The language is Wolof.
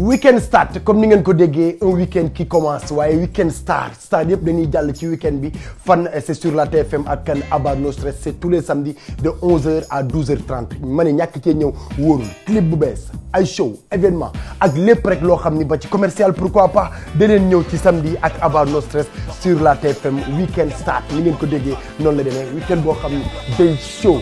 weekend start comme ni ngeen ko un un weekend qui commence weekend start start yëpp dañuy ci weekend bi fan euh, c'est sur la TFM Stress c'est tous les samedis de 11h à 12h30 ma ne ñàkk clip bu show événement ak lépp rek commercial pourquoi pas leen ñëw ci samedi ak No Stress sur la TFM weekend start ni ngeen ko déggee noonu la demee weekend boo xam show